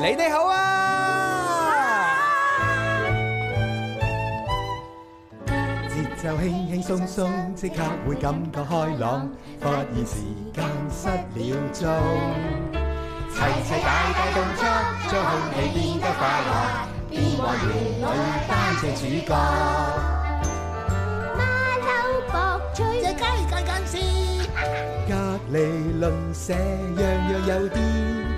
你哋好啊！節奏、啊、輕輕鬆鬆，即刻會感覺開朗，發現時間失了蹤。齊齊大大動作，將空氣變得快活，變幻兒女擔正主角，馬騮博取在街角講笑隔，隔離鄰舍樣樣有啲。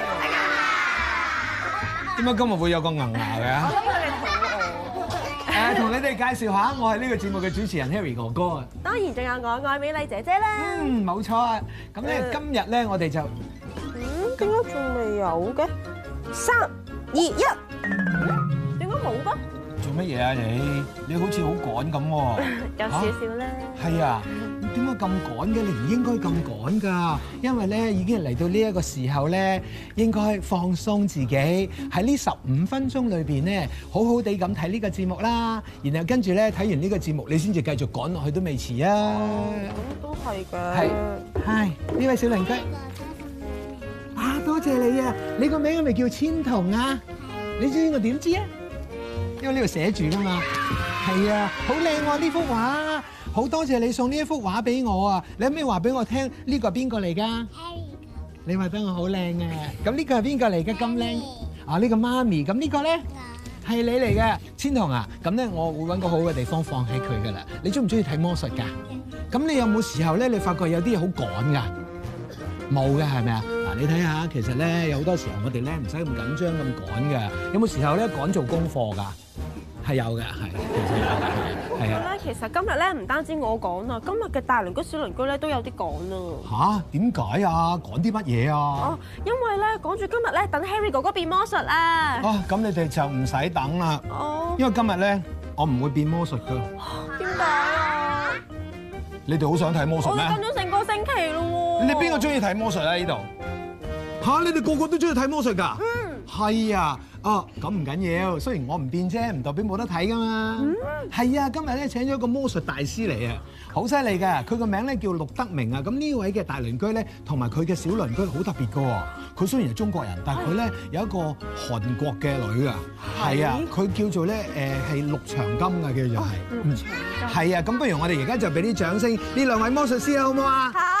點解今日會有個銀牙嘅？我因為你肚餓。誒，同你哋介紹下，我係呢個節目嘅主持人 Harry 哥哥啊。當然，仲有我愛美麗姐姐啦。嗯，冇錯啊。咁咧，今日咧，我哋就嗯，點解仲未有嘅？三二一，點解冇嘅？做乜嘢啊你？你好似好趕咁喎，有少少咧。係啊， 點解咁、啊啊、趕嘅？你唔應該咁趕噶，因為咧已經嚟到呢一個時候咧，應該放鬆自己喺呢十五分鐘裏邊咧，好好地咁睇呢個節目啦。然後跟住咧睇完呢個節目，你先至繼續趕落去都未遲啊。咁都係嘅。係、嗯，呢位小鄰居。啊，多謝你啊！你個名係咪叫千桐啊？你知我點知啊？因為呢度寫住㗎嘛，係啊，好靚喎呢幅畫，好多謝你送呢一幅畫俾我啊！你可唔可以話俾我聽呢、呢個係邊個嚟㗎？Harry 哥，你畫得我好靚啊！咁呢個係邊個嚟嘅？咁靚媽啊！呢、呢個媽咪，咁呢個咧係你嚟嘅，千桐啊！咁咧我會揾個好嘅地方放喺佢㗎啦。你中唔中意睇魔術㗎？咁、嗯、你有冇時候咧，你發覺有啲嘢好趕㗎？冇嘅係咪啊？你睇下，其實咧有好多時候我哋咧唔使咁緊張咁趕嘅。有冇時候咧趕做功課㗎？係有嘅，係其實有嘅，係。咁咧其實今日咧唔單止我講啊，今日嘅大鄰居小鄰居咧都有啲趕啊。嚇？點解啊？趕啲乜嘢啊？哦，因為咧趕住今日咧等 Harry 哥哥變魔術啊。哦，咁你哋就唔使等啦。哦。因為今日咧我唔會變魔術㗎。點解？你哋好想睇魔術咩？我等咗成個星期啦喎！你邊個中意睇魔術啊？呢度？嚇、啊！你哋個個都中意睇魔術㗎？嗯，係啊。哦、啊，咁唔緊要，雖然我唔變啫，唔代表冇得睇噶嘛。嗯，係啊。今日咧請咗個魔術大師嚟啊，好犀利嘅。佢個名咧叫陸德明啊。咁呢位嘅大鄰居咧，同埋佢嘅小鄰居好特別嘅喎。佢雖然係中國人，但係佢咧有一個韓國嘅女、嗯、啊。係、呃嗯、啊，佢叫做咧誒係陸長金啊，其實就係係啊，咁不如我哋而家就俾啲掌聲呢兩位魔術師啊，好唔好啊？嚇！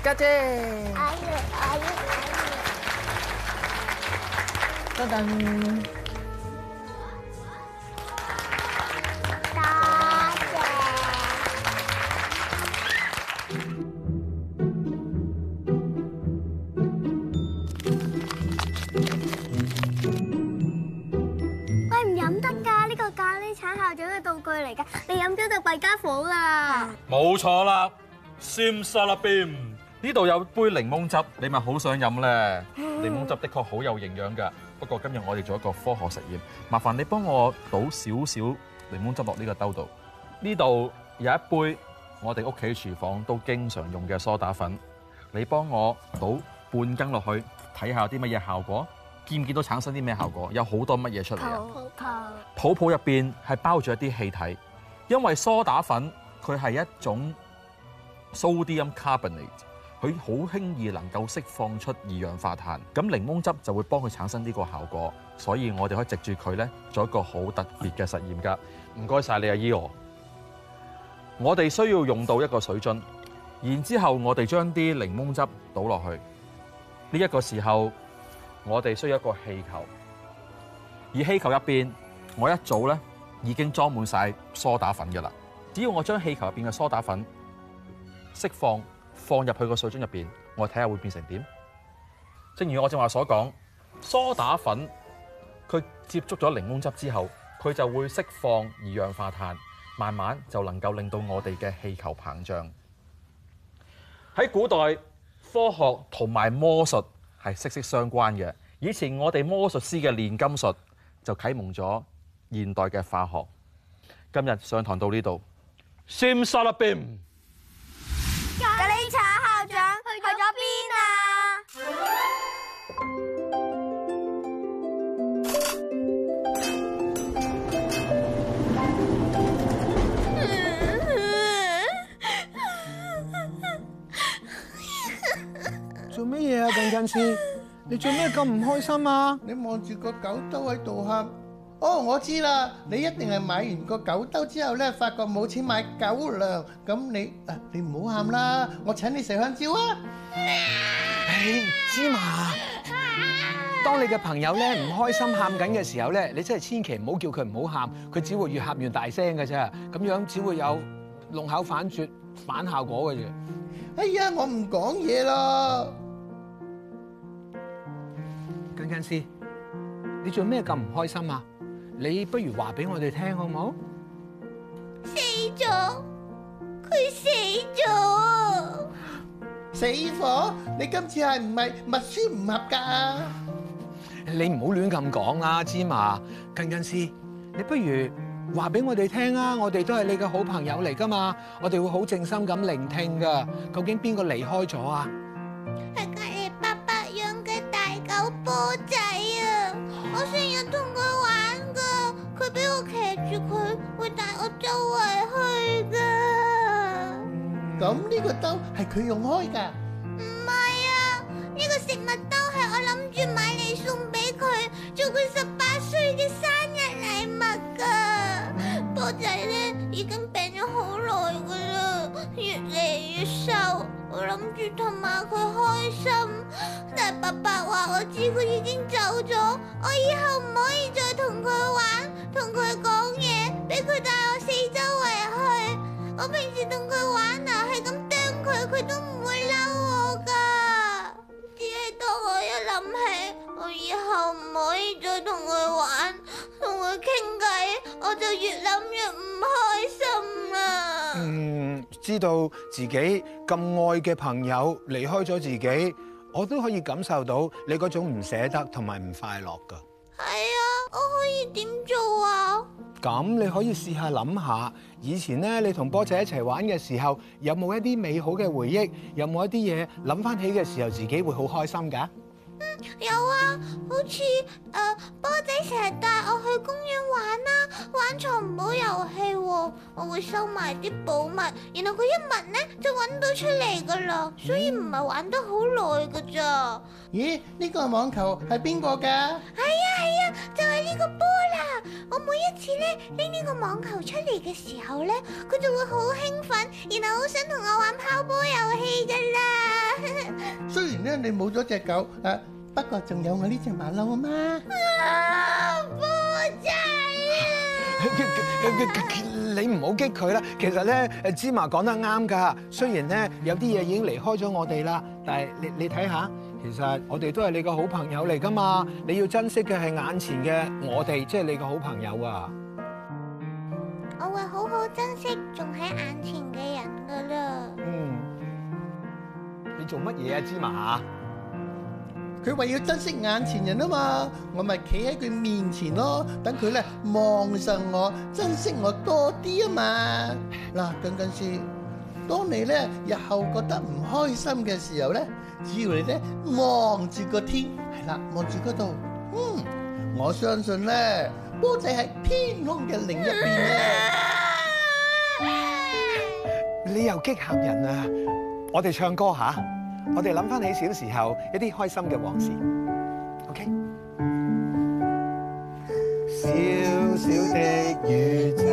家姐，等等，家姐，喂，唔飲得㗎！呢個咖喱橙校長嘅道具嚟㗎，你飲咗就弊傢伙啦！冇錯啦，閃失啦，beam！呢度有杯檸檬汁，你咪好想飲咧？ 檸檬汁的確好有營養㗎。不過今日我哋做一個科學實驗，麻煩你幫我倒少少檸檬汁落呢個兜度。呢度有一杯我哋屋企廚房都經常用嘅梳打粉，你幫我倒半羹落去，睇下有啲乜嘢效果？見唔見到產生啲咩效果？有好多乜嘢出嚟啊？泡泡泡，入邊係包住一啲氣體，因為梳打粉佢係一種 sodium carbonate。佢好輕易能夠釋放出二氧化碳，咁檸檬汁就會幫佢產生呢個效果，所以我哋可以藉住佢咧做一個好特別嘅實驗㗎。唔該晒你阿姨，我哋需要用到一個水樽，然之後我哋將啲檸檬汁倒落去。呢、呢、一個時候，我哋需要一個氣球，而氣球入邊，我一早咧已經裝滿晒梳打粉㗎啦。只要我將氣球入邊嘅梳打粉釋放。放入去個水樽入邊，我睇下會變成點。正如我正話所講，梳打粉佢接觸咗檸檬汁之後，佢就會釋放二氧化碳，慢慢就能夠令到我哋嘅氣球膨脹。喺古代，科學同埋魔術係息息相關嘅。以前我哋魔術師嘅煉金術就啟蒙咗現代嘅化學。今日上堂到呢度。Sim Salabim。咖喱橙校長去去咗邊啊？做乜嘢啊？近近視，你做咩咁唔開心啊？你望住個狗兜喺度喊。哦，我知啦，你一定係買完個狗兜之後咧，發覺冇錢買狗糧，咁你啊，你唔好喊啦，我請你食香蕉啊！芝麻，當你嘅朋友咧唔開心喊緊嘅時候咧，你真係千祈唔好叫佢唔好喊，佢只會越喊越大聲嘅啫，咁樣只會有弄巧反拙反效果嘅啫。哎呀，我唔講嘢啦，薑薑師，你做咩咁唔開心啊？你不如話俾我哋聽好唔好？死咗，佢死咗。死火！你今次係唔係默書唔合格啊？你唔好亂咁講啊，芝麻。近近視，你不如話俾我哋聽啊！我哋都係你嘅好朋友嚟噶嘛，我哋會好靜心咁聆聽噶。究竟邊個離開咗啊？係隔離伯伯養嘅大狗波仔。佢會帶我周圍去噶。咁呢個兜係佢用開噶？唔係啊，呢、這個食物兜係我諗住買嚟送俾佢，做佢十八歲嘅生日禮物噶。波仔咧已經病咗好耐噶啦，越嚟越瘦。我諗住同埋佢開心，但係爸爸話我知佢已經走咗，我以後唔可以再同佢玩，同佢講。佢帶我四周圍去，我平時同佢玩啊，係咁掟佢，佢都唔會嬲我噶。只係當我一諗起，我以後唔可以再同佢玩，同佢傾偈，我就越諗越唔開心喇。嗯，知道自己咁愛嘅朋友離開咗自己，我都可以感受到你嗰種唔捨得同埋唔快樂噶。係啊，我可以點做啊？咁你可以試下諗下，以前呢你同波仔一齊玩嘅時候，有冇一啲美好嘅回憶？有冇一啲嘢諗返起嘅時候，自己會好開心㗎？嗯，有啊，好似誒、呃、波仔成日帶我去公園玩啦、啊，玩藏寶遊戲，我會收埋啲寶物，然後佢一聞呢，就搵到出嚟噶啦，所以唔係玩得好耐噶咋。咦，呢、呢個網球係邊個嘅？係啊係啊，就係、是、呢個波啦。我每一次呢，拎呢個網球出嚟嘅時候呢，佢就會好興奮，然後好想同我玩拋波遊戲噶啦。 雖然呢，你冇咗隻狗、啊不過仲有我呢隻馬騮啊嘛！啊，富仔啊！你唔好激佢啦。其實咧，芝麻講得啱噶。雖然咧，有啲嘢已經離開咗我哋啦，但係你你睇下，其實我哋都係你個好朋友嚟噶嘛。你要珍惜嘅係眼前嘅我哋，即係你個好朋友啊！我會好好珍惜仲喺眼前嘅人噶啦。嗯。你做乜嘢啊，芝麻？佢為要珍惜眼前人啊嘛，我咪企喺佢面前咯，等佢咧望上我，珍惜我多啲啊嘛。嗱、嗯，咁咁先，當你咧日後覺得唔開心嘅時候咧，只要你咧望住個天，係啦，望住嗰度，嗯，我相信咧，波仔喺天空嘅另一邊咧。 你又激吓人啊！我哋唱歌吓。我哋諗翻起小時候一啲開心嘅往事，OK？小小的宇宙，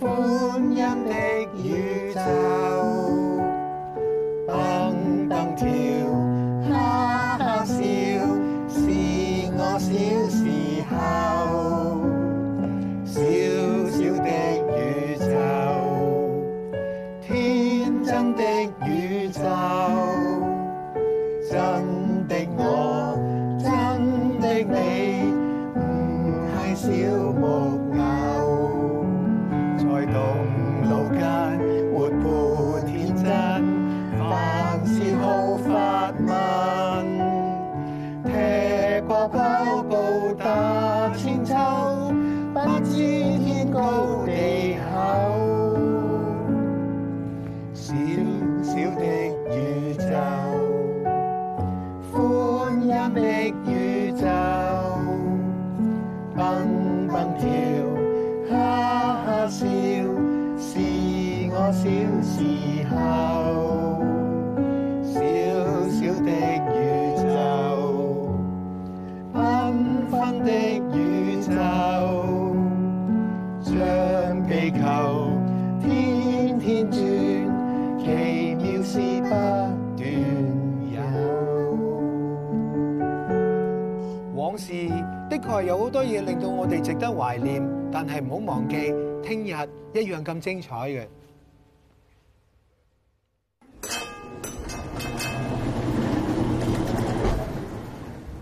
歡欣。 真的宇宙。地球天天轉，奇妙事不斷有。往事的確有好多嘢令到我哋值得懷念，但係唔好忘記，聽日一樣咁精彩嘅。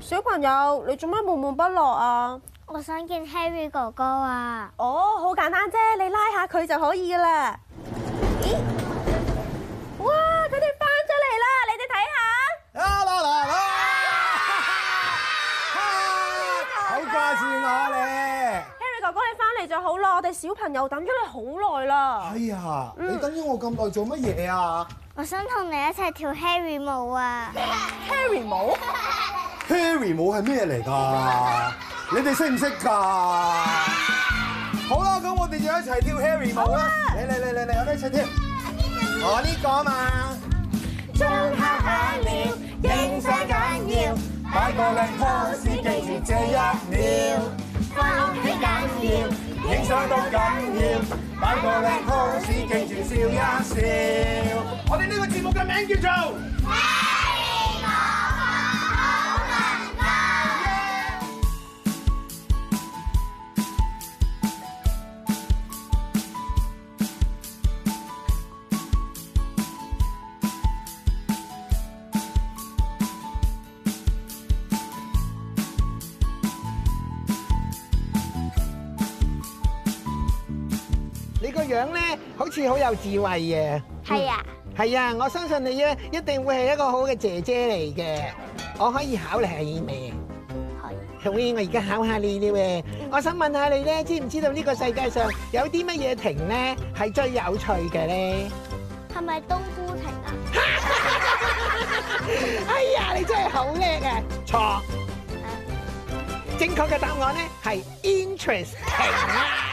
小朋友，你做乜悶悶不樂啊？我想見 Harry 哥哥啊！哦，好簡單啫，你拉下佢就可以啦。咦？哇！佢哋翻咗嚟啦，你哋睇下。啊啦啦啦！好掛住我咧，Harry 哥哥你翻嚟就好啦，我哋小朋友等咗你好耐啦。哎呀，你等咗我咁耐做乜嘢啊？我想同你一齊跳 Harry 舞啊！Harry 舞？Harry 舞係咩嚟噶？你哋識唔識㗎？Yeah. 好啦，咁我哋就一齊跳 Harry 舞啦！嚟嚟嚟嚟嚟，我哋一齊跳。Yeah. 我呢個啊嘛。張刻下了，影相緊要，擺個靚 pose 記住這一秒，放幾緊要，影相都緊要，擺個靚 pose 記住笑一笑。我哋呢個節目嘅名叫做。樣咧，好似好有智慧嘅。係啊，係啊，我相信你一一定會係一個好嘅姐姐嚟嘅，我可以考你係咪？可以，同嘅，我而家考下你了喂，嗯、我想問下你咧，知唔知道呢個世界上有啲乜嘢亭咧係最有趣嘅咧？係咪冬菇亭啊？ 哎呀，你真係好叻嘅！錯，嗯、正確嘅答案咧係 interesting。